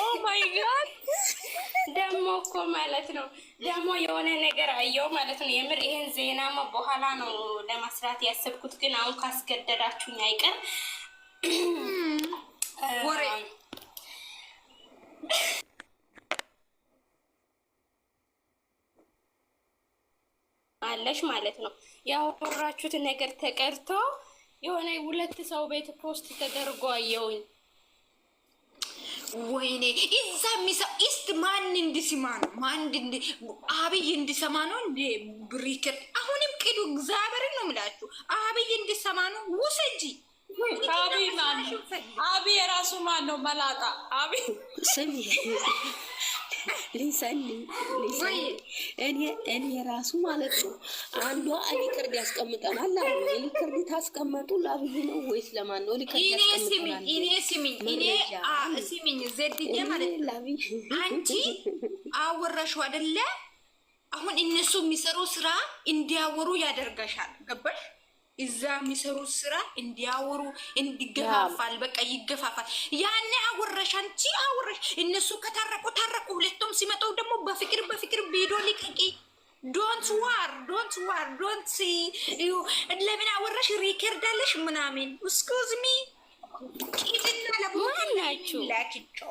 ኦ ማይ ጋድ ደግሞ እኮ ማለት ነው ደግሞ የሆነ ነገር አየው ማለት ነው። የምር ይሄን ዜናማ በኋላ ነው ለመስራት ያሰብኩት፣ ግን አሁን ካስገደዳችሁኝ አይቀር ወሬ አለሽ ማለት ነው። ያወራችሁት ነገር ተቀርቶ የሆነ ሁለት ሰው ቤት ፖስት ተደርጎ አየውኝ ወይኔ እዛ ሚሰው ኢስት ማን እንዲስማ ነው? ማን አብይ እንዲሰማ ነው? እንደ ብሪክር አሁንም ቅዱ እግዚአብሔር ነው ምላችሁ። አብይ እንዲሰማ ነው። ውሰጂ አብይ ማን አብይ የራሱ ማን ነው? መላጣ አብይ ስሚ ሊሰልኝ እኔ ራሱ ማለት ነው። አንዷ ሊክርድ ያስቀምጠናል አሉ። ሊክርድ ታስቀመጡ ላብይ ነው ወይስ ለማን ነው? ሊክርድ ያስቀምጠናል። እኔ ስሚኝ፣ እኔ ስሚኝ፣ ዘድዬ ማለት ነው። አንቺ አወራሽው አይደለ? አሁን እነሱ የሚሰሩ ስራ እንዲያወሩ ያደርገሻል። ገባሽ? እዛ የሚሰሩት ስራ እንዲያወሩ እንዲገፋፋል፣ በቃ ይገፋፋል። ያኔ አወረሽ አንቺ አወረሽ። እነሱ ከታረቁ ታረቁ። ሁለቱም ሲመጣው ደግሞ በፍቅር በፍቅር ቪዲዮ ሊቀቂ። ዶንት ዋር ዶንት ዋር ዶንት ለምን አወረሽ ሪከርድ አለሽ ምናምን እስኩዝሚ ቂልና ለቦ ላኪቸው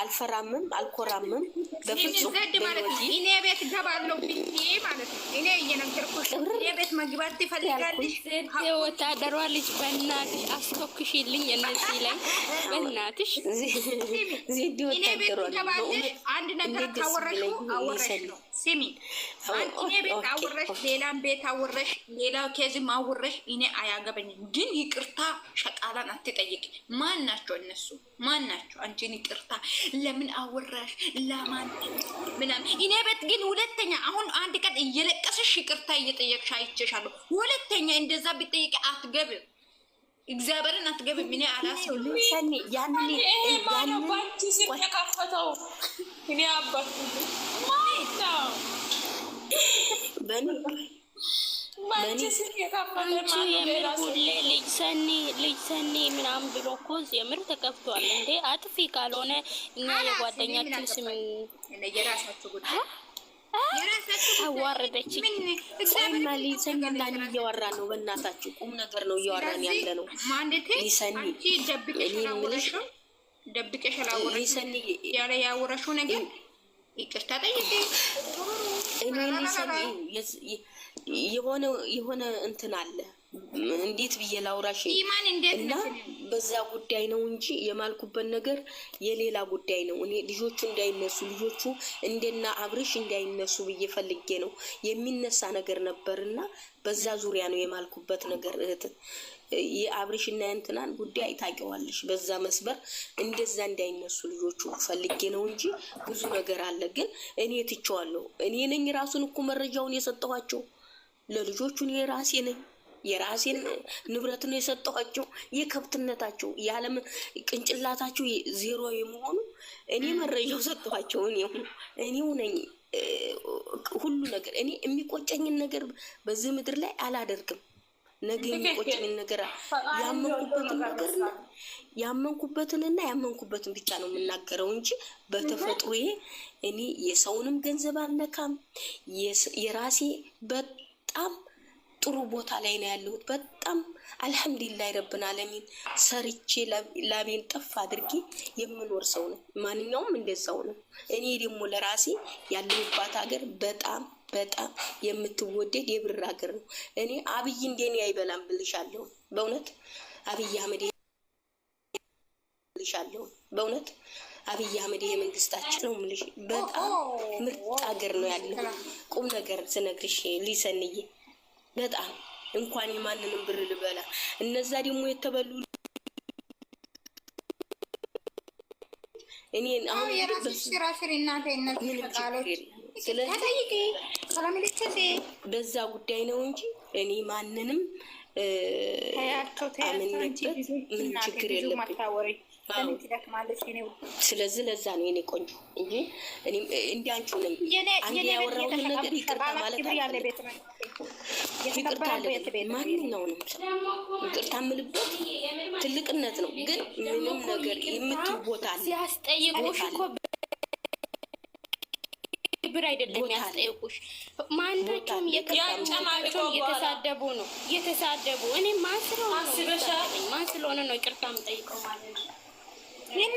አልፈራምም፣ አልኮራምም በፍጹም ማለት ነው። እኔ ቤት ገባለሁ ብዬ ማለት ነው። እኔ እየነገርኩሽ ቤት መግባት ትፈልጋለሽ። ወታደሯ ልጅ በእናትሽ አስቶክሽልኝ፣ እነዚህ ላይ በእናትሽ ዜድ ወታደሯ አንድ ነገር ካወረሽ አወረሽ ነው ስሚ አንቺ እኔ ቤት አውረሽ ሌላም ቤት አውረሽ ሌላ ኬዝም አውረሽ እኔ አያገበኝም። ግን ይቅርታ ሸቃላን አትጠይቅ። ማን ናቸው እነሱ? ማን ናቸው አንቺን ይቅርታ ለምን አውረሽ ለማን ምናም እኔ ቤት ግን ሁለተኛ አሁን አንድ ቀን እየለቀሰሽ ይቅርታ እየጠየቅሽ አይቼሻለሁ። ሁለተኛ እንደዛ ቢጠይቅ አትገብም። እግዚአብሔርን አትገብም። እኔ አላስብሉም። ያንን ያንን ባንቺ ስም ተከፈተው እኔ አባት አንቺ የምር ሁሌ ልጅ ሰኔ ልጅ ሰኔ ምናምን ብሎ እኮ የምር ተከፍቷል እንዴ! አጥፊ ካልሆነ እኛ የጓደኛችን ስም አዋረደች እና ሊሰኒ ነው። በእናታችሁ ቁም ነገር ነው እያወራን ያለ ነው። ሊሰኒ እኔ የምልሽ ነገር ይቅርታ ጠይቄ የሆነ እንትን አለ እንዴት ብዬ ላውራሽ እና በዛ ጉዳይ ነው እንጂ የማልኩበት ነገር የሌላ ጉዳይ ነው። እኔ ልጆቹ እንዳይነሱ ልጆቹ እንደና አብርሽ እንዳይነሱ ብዬ ፈልጌ ነው የሚነሳ ነገር ነበር እና በዛ ዙሪያ ነው የማልኩበት ነገር። እህት የአብርሽ እና የእንትናን ጉዳይ ታውቂዋለሽ። በዛ መስበር እንደዛ እንዳይነሱ ልጆቹ ፈልጌ ነው እንጂ ብዙ ነገር አለ። ግን እኔ ትቼዋለሁ። እኔ ነኝ ራሱን እኮ መረጃውን የሰጠኋቸው ለልጆቹ እኔ ራሴ ነኝ። የራሴን ንብረት ነው የሰጠኋቸው። የከብትነታቸው የዓለም ቅንጭላታቸው ዜሮ የመሆኑ እኔ መረጃው ሰጠኋቸው። እኔ እኔው ነኝ ሁሉ ነገር። እኔ የሚቆጨኝን ነገር በዚህ ምድር ላይ አላደርግም። ነገ የሚቆጨኝን ነገር ያመንኩበትን ነገር ያመንኩበትንና ያመንኩበትን ብቻ ነው የምናገረው እንጂ በተፈጥሮ እኔ የሰውንም ገንዘብ አልነካም። የራሴ በጣም ጥሩ ቦታ ላይ ነው ያለሁት። በጣም አልሐምዱሊላህ ረብን አለሚን ሰርቼ ላቤን ጠፍ አድርጌ የምኖር ሰው ነው። ማንኛውም እንደዛው ነው። እኔ ደግሞ ለራሴ ያለሁባት ሀገር በጣም በጣም የምትወደድ የብር ሀገር ነው። እኔ አብይ እንደኔ አይበላም ብልሻለሁ። በእውነት አብይ አህመድ ብልሻለሁ። በእውነት አብይ አህመድ ይሄ መንግስታችን ነው ምልሽ። በጣም ምርጥ ሀገር ነው ያለው። ቁም ነገር ስነግርሽ ሊሰንዬ በጣም እንኳን የማንንም ብር ልበላ እነዛ ደግሞ የተበሉ እኔ አሁን በዛ ጉዳይ ነው እንጂ እኔ ማንንም ምን ችግር የለብኝ። ስለዚህ ለዛ ነው የኔ ቆንጆ እንጂ እንዲያንቹ ነኝ። አንድ ያወራሁትን ነገር ይቅርታ ማለት አለ ይቅርታ ማንኛውንም ይቅርታ የምልበት ትልቅነት ነው። ግን ምንም ነገር የምትል ሲያስጠይቁሽ እኮ ብር አይደለም ያስጠይቁሽ። ማናቸውም እየተሳደቡ ነው እየተሳደቡ እኔ ማን ስለሆነ ነው ይቅርታ የምጠይቀው ማለት ነው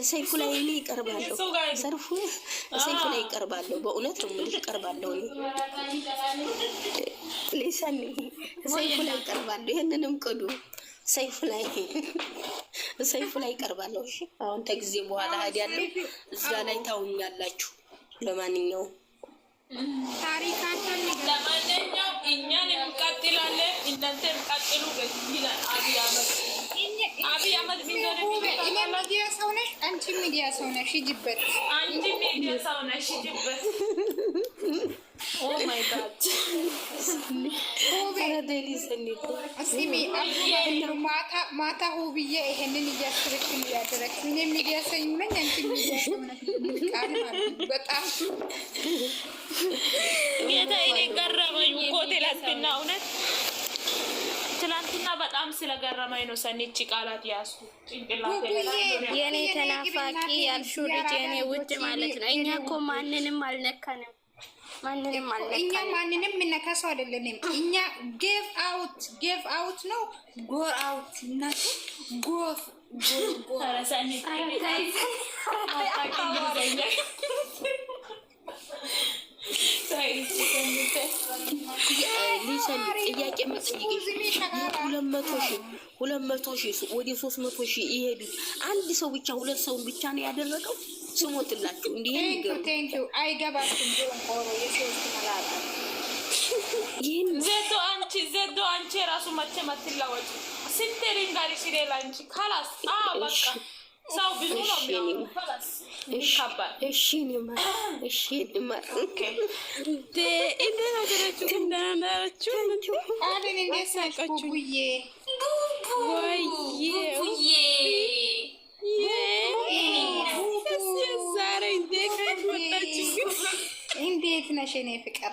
እሰይፉ ላይ እኔ ይቀርባለሁ፣ ሰርፉ እሰይፉ ላይ ይቀርባለሁ። በእውነት ነው የምልሽ ይቀርባለሁ፣ ሊሰኒ እሰይፉ ላይ ይቀርባለሁ። ይህንንም ቅዱ ሰይፉ ላይ እሰይፉ ላይ ይቀርባለሁ። አሁን ተጊዜ በኋላ ሀዲ ያለው እዛ ላይ ታውኛላችሁ። ለማንኛውም ታሪካችን ለማንኛውም እኛን እንቀጥላለን፣ እናንተ እንቀጥሉ ይላል አብያ እኔ ሚዲያ ሰው ነሽ፣ አንቺ ሚዲያ ሰው ነሽ። ሂጂበት፣ አንቺ ሚዲያ ሰው ነሽ። ሂጂበት። ማታ ሁብዬ ይሄንን እያስረች እያደረግሽ እኔ ሚዲያ ሰው ነኝ፣ አንቺ በጣም ጌታ እኔ ገረመኝ እኮ እውነት ትላንትና በጣም ስለገረመኝ ነው። ሰኔች ቃላት ያሱ የኔ ተናፋቂ ያልሹ ልጅ የኔ ውድ ማለት ነው። እኛ እኮ ማንንም አልነካንም። ማንንም አልነካንም። እኛ ማንንም የምነካ ሰው አይደለንም። እኛ ጌቭ አውት ጌቭ አውት ነው ጎር አውት እናቱ ጎፍ ጎፍ ለምሳሌ ጥያቄ መጠየቅሽ ሁለት መቶ ሺህ ወደ ሶስት መቶ ሺህ ይሄዱት አንድ ሰው ብቻ ሁለት ሰውን ብቻ ነው ያደረገው። ስሞትላችሁ እንዲህ አይገባሽም። ዘዶ አንቺ ዘዶ አንቺ የራሱ መቼም አትለወጭም። ስንቴ ልንገርሽ ሌላ አንቺ ካላስ በቃ ሰው ብዙ ነው የሚያወሩት። እንዴት ነሽ? እኔ ፍቅር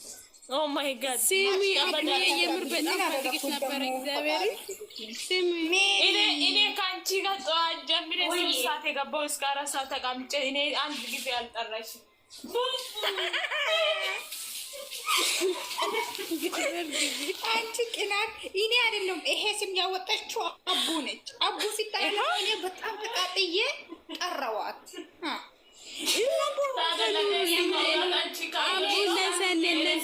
Oh ስሚ የምር በጣም ፈልግሽ ነበር። እግዚአብሔር ስሚ፣ እኔ ከአንቺ ጋር ጠዋት ጀምሬ ስንት ሰዓት የገባው እስከ አራት ሰዓት ተቀምጬ እኔ አንድ ጊዜ አልጠራሽም። አንቺ ቅናት እኔ አይደለም ይሄ ስም ያወጣችው አቡ ነች። አቡ ሲታይ እኔ በጣም ተቃጥዬ ጠራዋት።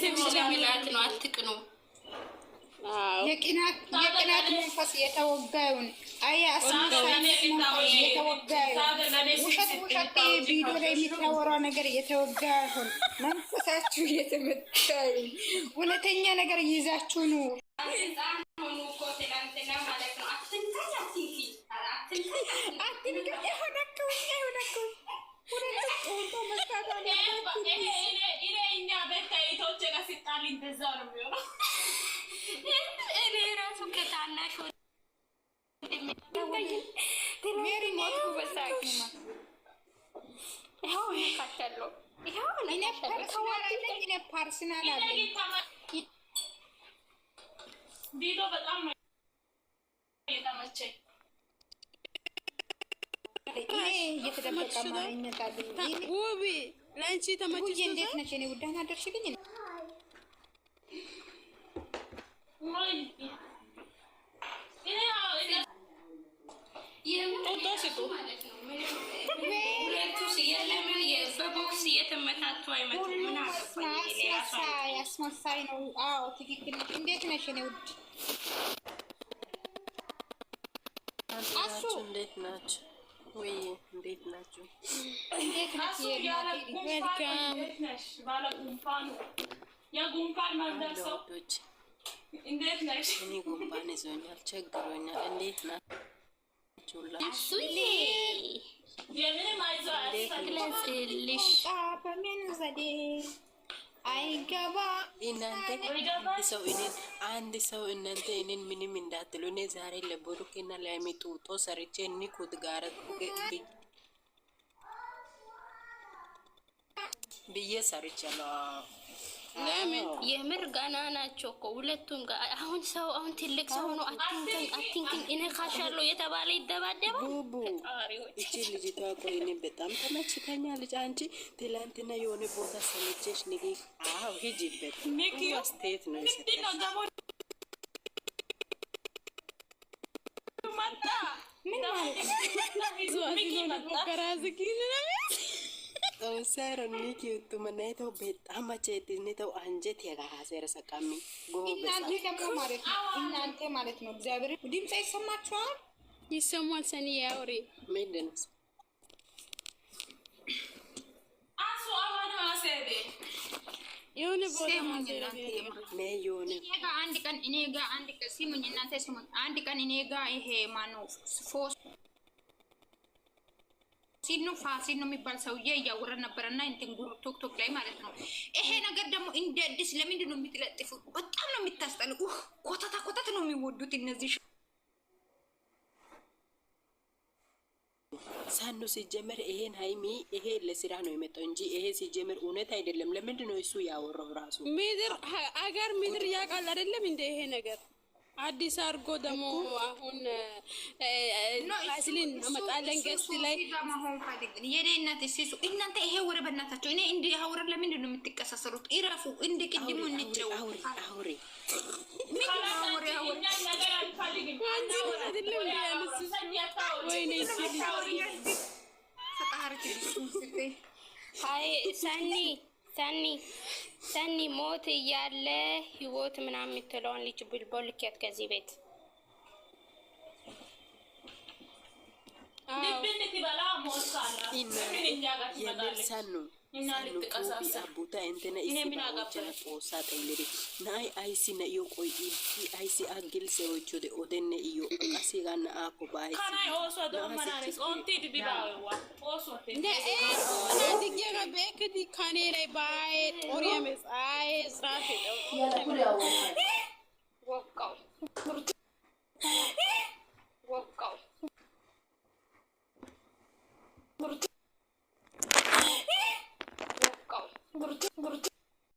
ገንዘብ ስለሚላክ ነው። አትቅኑ። የቅናት መንፈስ የተወጋዩን አያ ውሸት ውሸት ቪዲዮ ላይ የሚታወራው ነገር የተወጋ መንፈሳችሁ የተመታዩ እውነተኛ ነገር ይዛችሁ ኑ። አትንካ ነው የሚሆነው። እኔ ራሱ ከታናሽ ቪዲዮ በጣም ነው የተመቸኝ። እየተደበቀ ማይነቃል ውብ ለአንቺ ተመችቶ እንዴት ነች? እኔ ውዳና ደርሽልኝ በቦክስ እየተመታቱ አይመጡም። ምን አስመሳይ ነው። አዎ ትክክል። እንዴት ነሽ? እኔ ውድ አሱ እንዴት ናቸው? ወይ እንዴት ናቸው? እንዴት የጉንፋን መርዳት ሰው እንዴት ነሽ? እኔ ጉንፋን ይዞኛል፣ ቸግሮኛል። እንዴት ናችሁ? በምን ዘዴ አይገባ እናንተ ሰው እኔን አንድ ሰው እናንተ እኔን ምንም እንዳትሉ እኔ ዛሬ ለብሩክና ለሚጡጦ ሰርቼ እኒ ኩት ጋር ብዬ ሰርቻለሁ። ለምን የምር ገና ናቸው እኮ ሁለቱም። አሁን ሰው አሁን ትልቅ ሰው ነው። አትንክን አትንክን እኔ የተባለ ይደባደባል። እቺ ልጅቷ ቆይ እኔ በጣም ተመችተኛ ልጅ። አንቺ ትላንትና የሆነ ቦታ ሰመቸሽ ንጌ አሁ ሂጅበት አስተያየት ነው ይሰጣል ሰረም ኪቱ መናይተው በጣም መቼት ኔተው አንጀት የጋሴረ ሰቃሚ እናንተ ደግሞ ማለት ነው እናንተ ማለት ነው። እግዚአብሔር ድምፅ ይሰማችኋል፣ ይሰማል። ሰኒ ያውሪ ምንድን የሆነ ቦታ አንድ ቀን እኔ ጋ አንድ ቀን ሲሙኝ እናንተ ሲሙኝ አንድ ቀን እኔ ጋ ይሄ ማነው ፎስ ሲኑ ፋሲል ነው የሚባል ሰውዬ እያወረን ነበረ እና እንትን ጉሩ ቶክቶክ ላይ ማለት ነው። ይሄ ነገር ደግሞ እንደ አዲስ ለምንድን ነው የሚትለጥፉት? በጣም ነው የሚታስጠልቁ ኮተታ ኮተት ነው የሚወዱት እነዚህ ሳኖ ሲጀመር ይሄን ሀይሚ ይሄ ለስራ ነው የመጣው እንጂ ይሄ ሲጀመር እውነት አይደለም። ለምንድን ነው እሱ ያወራው ራሱ ምድር አገር ምድር ያውቃል አይደለም እንደ ይሄ ነገር አዲስ አድርጎ ደግሞ አሁን ስሊን መጣለን ገስ ላይ መሆን ፈልግን የኔ እናት ሲሱ እናንተ ይሄ ወረ በእናታቸው እኔ እንዲ ሀውረ ለምንድን ነው የምትቀሳሰሩት? ይረፉ እንደ ቅድሙ እንጨው እንጫወት። ሳኒ ሳኒ ሰኒ ሞት እያለ ህይወት ምናምን የምትለውን ልጅ ብልቦ ልኬት ከዚህ ቤት ይመ የሚል ሰኑ ቦታ intena issi baawachana xoossaa xeellidi na'ay ayssi na'iyo qoy'i ayssi a gilse oychode odenne iyo qassi hegaa na'aakko baayisidigiyaga beekkidi kaneelay baaye xoriya metsaaye israafe dhawwoqqaw Guruji Guruji